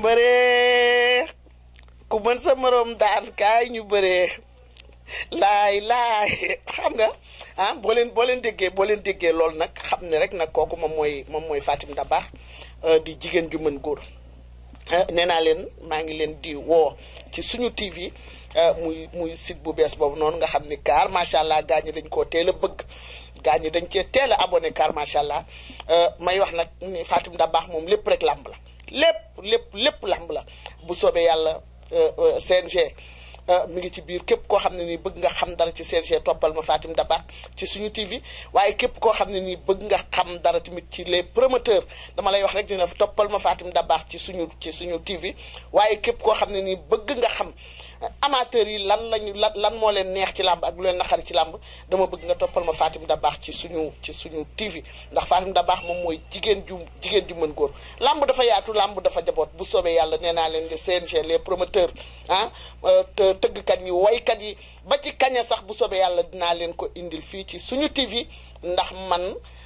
bëree mbëree ku mën sa moroom daan kaay ñu bëree laay laay xam nga ah boo leen boo leen déggee boo leen déggee loolu nag xam ne rek nag kooku moom mooy moom mooy Fatim Dabakh euh, di jigéen ju mën góor ah, nee naa leen maa ngi leen di woo ci suñu TV euh, muy muy site bu bees boobu noonu nga xam ni kaar macha allah gaa ñi dañ koo teel a bëgg gaa ñi dañ cee teel a abonné kaar macha allah euh, may wax nag ni Fatim Dabakh moom lépp rek làmb la lépp. lépp lépp làmb la bu soobee yàlla euh, euh, CNG euh, mu ngi ci biir képp koo xam ne nii bëgg nga xam dara ci CNG toppal ma Fatim Dabar ci suñu TV waaye képp koo xam ne nii bëgg nga xam dara tamit ci les promoteurs dama lay wax rek dina toppal ma da baax ci suñu ci suñu TV waaye képp koo xam ne nii bëgg nga xam amateurs yi lan lañu lan lan moo leen neex ci làmb ak lu leen naqari ci làmb dama bëgg nga toppal ma Fatim Dabaax ci suñu ci suñu TV ndax da baax moom mooy jigéen ju jigéen ju mën góor làmb dafa yaatu làmb dafa jaboot bu soobee yàlla nee naa leen les CNG les promoteurs ah te tëggkat yi woykat yi ba ci kaña sax bu soobee yàlla dinaa leen ko indil fii ci suñu TV ndax man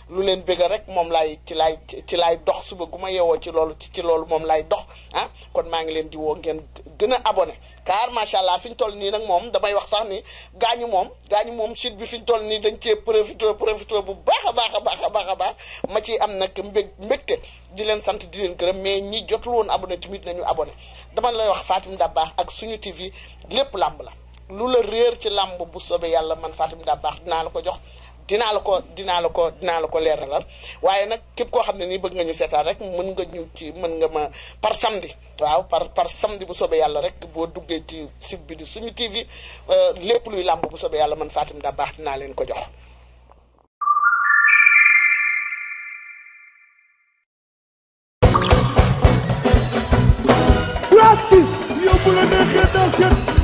lu leen bëgga rek moom laay ci laay ci laay dox suba gu ma yeewoo ci loolu ci ci loolu moom laay dox ah kon maa ngi leen di woo ngeen gën a abone car macha allah fi ñu toll nii nag moom damay wax sax gaañu moom gaañu moom site bi ñu toll nii dañ cee profité profité bu baax a baax a baax a baax a baax ma ci am nag mbég mbégte di leen sant di leen gërëm mais ñi jotul woon abonné tamit nañu abonné dama lay wax Fatim Dabakh ak suñu TV lépp làmb la lu la réer ci làmb bu soobee yàlla man Fatim Dabakh dinaa la ko jox. dinaa la ko dinaa la ko dinaa la ko leer la waaye nag képp koo xam ne nii bëgg nga ñu seetaan rek mën nga ñu ci mën nga ma par samedi waaw par par samedi bu soobee yàlla rek boo duggee ci site bi di suñu TV euh, lépp luy làmb bu soobee yàlla man Fatim da baax dinaa leen ko jox.